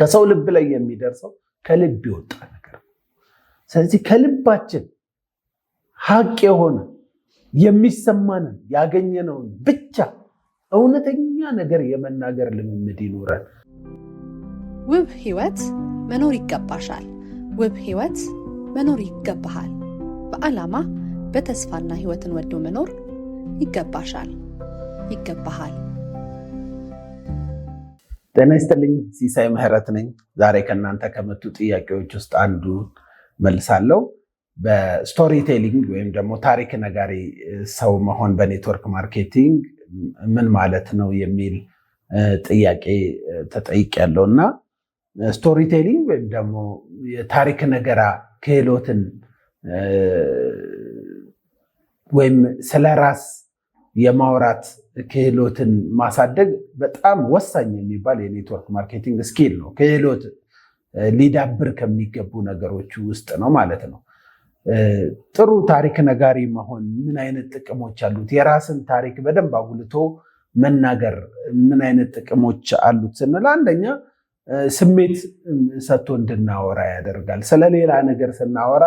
ከሰው ልብ ላይ የሚደርሰው ከልብ የወጣ ነገር ነው። ስለዚህ ከልባችን ሀቅ የሆነ የሚሰማንን ያገኘነውን ብቻ እውነተኛ ነገር የመናገር ልምምድ ይኖረን። ውብ ህይወት መኖር ይገባሻል። ውብ ህይወት መኖር ይገባሃል። በዓላማ በተስፋና ህይወትን ወዶ መኖር ይገባሻል፣ ይገባሃል። ጤና ይስጥልኝ። ሲሳይ ምህረት ነኝ። ዛሬ ከእናንተ ከመጡ ጥያቄዎች ውስጥ አንዱ መልሳለው። በስቶሪ ቴሊንግ ወይም ደግሞ ታሪክ ነጋሪ ሰው መሆን በኔትወርክ ማርኬቲንግ ምን ማለት ነው የሚል ጥያቄ ተጠይቄያለሁ እና ስቶሪ ቴሊንግ ወይም ደግሞ የታሪክ ነገራ ክህሎትን ወይም ስለ ራስ የማውራት ክህሎትን ማሳደግ በጣም ወሳኝ የሚባል የኔትወርክ ማርኬቲንግ ስኪል ነው። ክህሎት ሊዳብር ከሚገቡ ነገሮች ውስጥ ነው ማለት ነው። ጥሩ ታሪክ ነጋሪ መሆን ምን አይነት ጥቅሞች አሉት? የራስን ታሪክ በደንብ አጉልቶ መናገር ምን አይነት ጥቅሞች አሉት ስንል አንደኛ ስሜት ሰጥቶ እንድናወራ ያደርጋል። ስለሌላ ነገር ስናወራ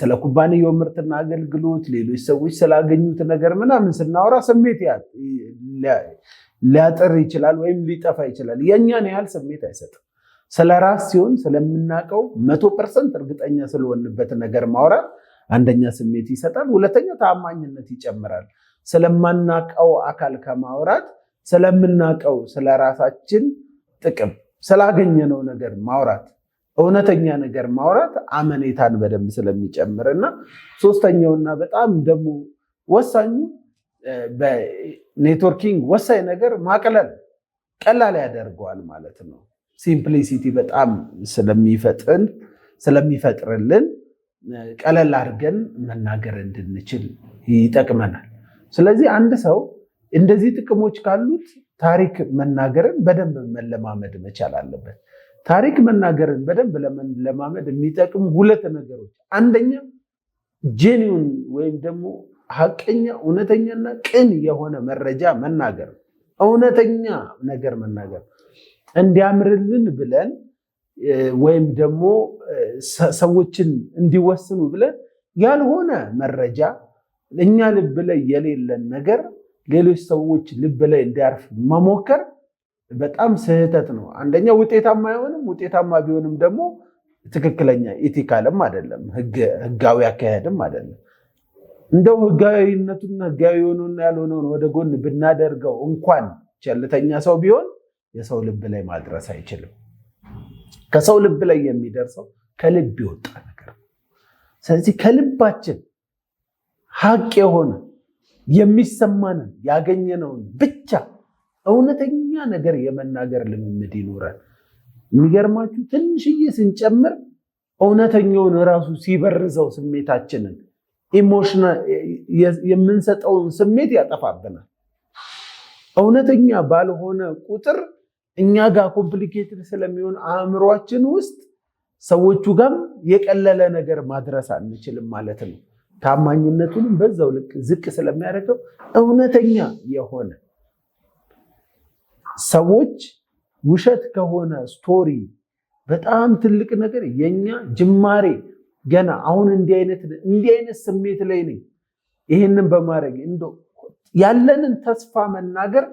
ስለ ኩባንያው ምርትና አገልግሎት ሌሎች ሰዎች ስላገኙት ነገር ምናምን ስናወራ ስሜት ሊያጥር ይችላል ወይም ሊጠፋ ይችላል። የእኛን ያህል ስሜት አይሰጥም። ስለ ራስ ሲሆን ስለምናውቀው መቶ ፐርሰንት እርግጠኛ ስለሆንበት ነገር ማውራት አንደኛ ስሜት ይሰጣል፣ ሁለተኛ ታማኝነት ይጨምራል። ስለማናቀው አካል ከማውራት ስለምናቀው ስለ ራሳችን ጥቅም ስላገኘነው ነገር ማውራት እውነተኛ ነገር ማውራት አመኔታን በደንብ ስለሚጨምር እና ሶስተኛውና በጣም ደግሞ ወሳኙ በኔትወርኪንግ ወሳኝ ነገር ማቅለል ቀላል ያደርገዋል ማለት ነው። ሲምፕሊሲቲ በጣም ስለሚፈጥን ስለሚፈጥርልን ቀለል አድርገን መናገር እንድንችል ይጠቅመናል። ስለዚህ አንድ ሰው እንደዚህ ጥቅሞች ካሉት ታሪክ መናገርን በደንብ መለማመድ መቻል አለበት። ታሪክ መናገርን በደንብ ለማመድ የሚጠቅሙ ሁለት ነገሮች፣ አንደኛ ጄኒውን ወይም ደግሞ ሀቀኛ እውነተኛና ቅን የሆነ መረጃ መናገር፣ እውነተኛ ነገር መናገር እንዲያምርልን ብለን ወይም ደግሞ ሰዎችን እንዲወስኑ ብለን ያልሆነ መረጃ እኛ ልብ ላይ የሌለን ነገር ሌሎች ሰዎች ልብ ላይ እንዲያርፍ መሞከር በጣም ስህተት ነው። አንደኛ ውጤታማ አይሆንም። ውጤታማ ቢሆንም ደግሞ ትክክለኛ ኢቲካልም አይደለም፣ ህጋዊ አካሄድም አይደለም። እንደው ህጋዊነቱና ህጋዊ የሆነና ያልሆነውን ወደ ጎን ብናደርገው እንኳን ቸልተኛ ሰው ቢሆን የሰው ልብ ላይ ማድረስ አይችልም። ከሰው ልብ ላይ የሚደርሰው ከልብ የወጣ ነገር ነው። ስለዚህ ከልባችን ሀቅ የሆነ የሚሰማንን ያገኘነውን ብቻ እውነተኛ ነገር የመናገር ልምምድ ይኖረን። የሚገርማችሁ ትንሽዬ ስንጨምር እውነተኛውን ራሱ ሲበርዘው ስሜታችንን ኢሞሽናል የምንሰጠውን ስሜት ያጠፋብናል። እውነተኛ ባልሆነ ቁጥር እኛ ጋር ኮምፕሊኬትድ ስለሚሆን አእምሯችን ውስጥ ሰዎቹ ጋም የቀለለ ነገር ማድረስ አንችልም ማለት ነው። ታማኝነቱንም በዛው ልክ ዝቅ ስለሚያደርገው እውነተኛ የሆነ ሰዎች ውሸት ከሆነ ስቶሪ በጣም ትልቅ ነገር የኛ ጅማሬ ገና አሁን እንዲህ አይነት እንዲህ አይነት ስሜት ላይ ነኝ። ይህንን በማድረግ እንደው ያለንን ተስፋ መናገር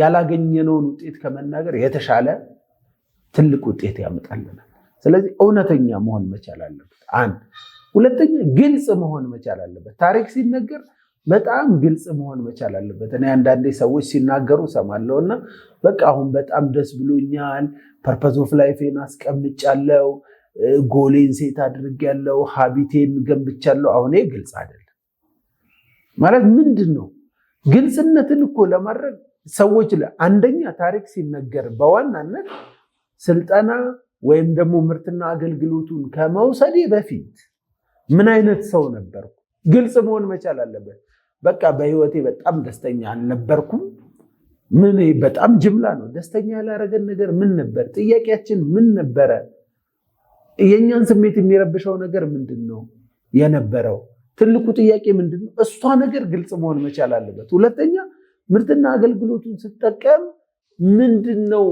ያላገኘነውን ውጤት ከመናገር የተሻለ ትልቅ ውጤት ያመጣልናል። ስለዚህ እውነተኛ መሆን መቻል አለበት። አንድ ሁለተኛ ግልጽ መሆን መቻል አለበት። ታሪክ ሲነገር በጣም ግልጽ መሆን መቻል አለበት። እኔ አንዳንዴ ሰዎች ሲናገሩ ሰማለሁ እና በቃ አሁን በጣም ደስ ብሎኛል፣ ፐርፐዝ ኦፍ ላይፌን አስቀምጫለው፣ ጎሌን ሴት አድርጌያለው፣ ሀቢቴን ገንብቻለው። አሁን ግልጽ አይደለም ማለት ምንድን ነው? ግልጽነትን እኮ ለማድረግ ሰዎች አንደኛ ታሪክ ሲነገር በዋናነት ስልጠና ወይም ደግሞ ምርትና አገልግሎቱን ከመውሰዴ በፊት ምን አይነት ሰው ነበርኩ ግልጽ መሆን መቻል አለበት። በቃ በህይወቴ በጣም ደስተኛ አልነበርኩም። ምን በጣም ጅምላ ነው። ደስተኛ ያላረገን ነገር ምን ነበር? ጥያቄያችን ምን ነበረ? የእኛን ስሜት የሚረብሸው ነገር ምንድን ነው የነበረው? ትልቁ ጥያቄ ምንድን ነው? እሷ ነገር ግልጽ መሆን መቻል አለበት። ሁለተኛ ምርትና አገልግሎቱን ስጠቀም ምንድን ነው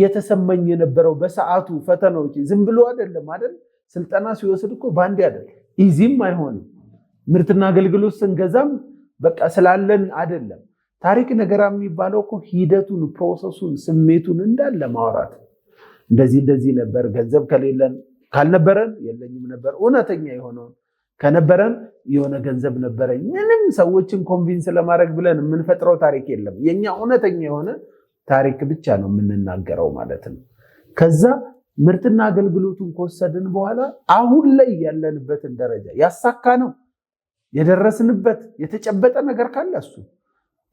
የተሰማኝ የነበረው በሰዓቱ ፈተናዎች። ዝም ብሎ አይደለም አይደል? ስልጠና ሲወስድ እኮ በአንድ አይደል፣ ኢዚም አይሆንም። ምርትና አገልግሎት ስንገዛም በቃ ስላለን አይደለም። ታሪክ ነገራ የሚባለው እኮ ሂደቱን፣ ፕሮሰሱን፣ ስሜቱን እንዳለ ማውራት እንደዚህ እንደዚህ ነበር። ገንዘብ ከሌለን ካልነበረን የለኝም ነበር እውነተኛ የሆነውን ከነበረን የሆነ ገንዘብ ነበረኝ። ምንም ሰዎችን ኮንቪንስ ለማድረግ ብለን የምንፈጥረው ታሪክ የለም። የኛ እውነተኛ የሆነ ታሪክ ብቻ ነው የምንናገረው ማለት ነው። ከዛ ምርትና አገልግሎቱን ከወሰድን በኋላ አሁን ላይ ያለንበትን ደረጃ ያሳካ ነው የደረስንበት የተጨበጠ ነገር ካለ እሱ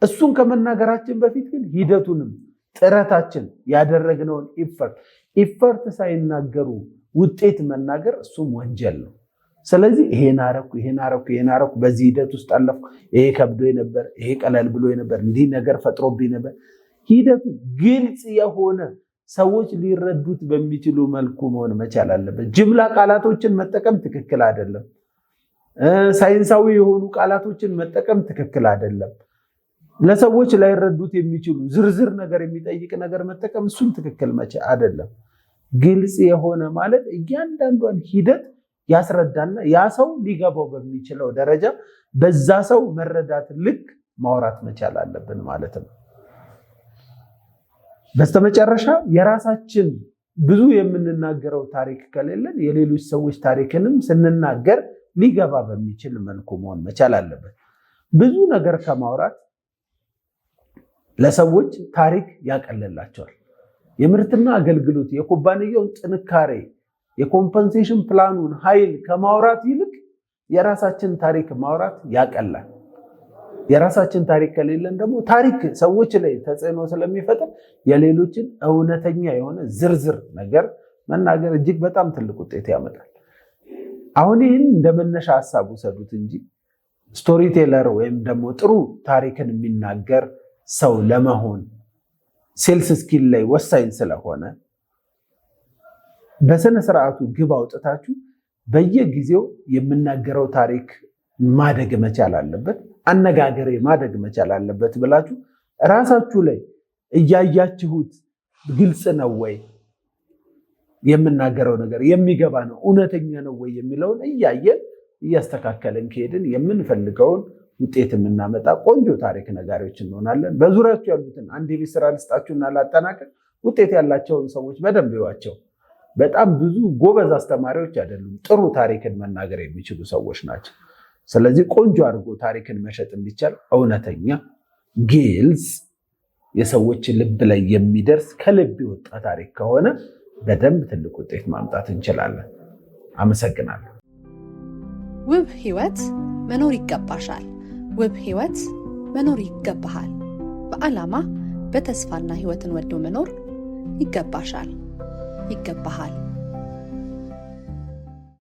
እሱን ከመናገራችን በፊት ግን ሂደቱንም ጥረታችን ያደረግነውን ኢፈርት ኢፈርት ሳይናገሩ ውጤት መናገር እሱም ወንጀል ነው። ስለዚህ ይሄን አረኩ ይሄን አረኩ ይሄን አረኩ፣ በዚህ ሂደት ውስጥ አለፍኩ፣ ይሄ ከብዶ ነበር፣ ይሄ ቀለል ብሎ ነበር፣ እንዲህ ነገር ፈጥሮብኝ ነበር። ሂደቱ ግልጽ የሆነ ሰዎች ሊረዱት በሚችሉ መልኩ መሆን መቻል አለበት። ጅምላ ቃላቶችን መጠቀም ትክክል አይደለም። ሳይንሳዊ የሆኑ ቃላቶችን መጠቀም ትክክል አይደለም። ለሰዎች ላይረዱት የሚችሉ ዝርዝር ነገር የሚጠይቅ ነገር መጠቀም እሱም ትክክል መቼ አይደለም። ግልጽ የሆነ ማለት እያንዳንዷን ሂደት ያስረዳና ያ ሰው ሊገባው በሚችለው ደረጃ በዛ ሰው መረዳት ልክ ማውራት መቻል አለብን ማለት ነው። በስተመጨረሻ የራሳችን ብዙ የምንናገረው ታሪክ ከሌለን የሌሎች ሰዎች ታሪክንም ስንናገር ሊገባ በሚችል መልኩ መሆን መቻል አለበት። ብዙ ነገር ከማውራት ለሰዎች ታሪክ ያቀለላቸዋል። የምርትና አገልግሎት የኩባንያውን ጥንካሬ፣ የኮምፐንሴሽን ፕላኑን ኃይል ከማውራት ይልቅ የራሳችን ታሪክ ማውራት ያቀላል። የራሳችን ታሪክ ከሌለን ደግሞ ታሪክ ሰዎች ላይ ተጽዕኖ ስለሚፈጥር የሌሎችን እውነተኛ የሆነ ዝርዝር ነገር መናገር እጅግ በጣም ትልቅ ውጤት ያመጣል። አሁን ይህን እንደመነሻ ሀሳብ ውሰዱት እንጂ ስቶሪቴለር ወይም ደግሞ ጥሩ ታሪክን የሚናገር ሰው ለመሆን ሴልስ ስኪል ላይ ወሳኝ ስለሆነ በስነ ስርዓቱ ግብ አውጥታችሁ በየጊዜው የምናገረው ታሪክ ማደግ መቻል አለበት፣ አነጋገሬ ማደግ መቻል አለበት ብላችሁ እራሳችሁ ላይ እያያችሁት ግልጽ ነው ወይ የምናገረው ነገር የሚገባ ነው እውነተኛ ነው ወይ የሚለውን እያየን እያስተካከልን ከሄድን የምንፈልገውን ውጤት የምናመጣ ቆንጆ ታሪክ ነጋሪዎች እንሆናለን። በዙሪያችሁ ያሉትን አንድ የቤት ስራ ልስጣችሁና ላጠናቀቅ። ውጤት ያላቸውን ሰዎች በደንብ ይዋቸው። በጣም ብዙ ጎበዝ አስተማሪዎች አይደሉም፣ ጥሩ ታሪክን መናገር የሚችሉ ሰዎች ናቸው። ስለዚህ ቆንጆ አድርጎ ታሪክን መሸጥ እንዲቻል እውነተኛ፣ ግልጽ፣ የሰዎች ልብ ላይ የሚደርስ ከልብ የወጣ ታሪክ ከሆነ በደንብ ትልቅ ውጤት ማምጣት እንችላለን። አመሰግናለሁ። ውብ ህይወት መኖር ይገባሻል። ውብ ህይወት መኖር ይገባሃል። በዓላማ በተስፋና ህይወትን ወዶ መኖር ይገባሻል፣ ይገባሃል።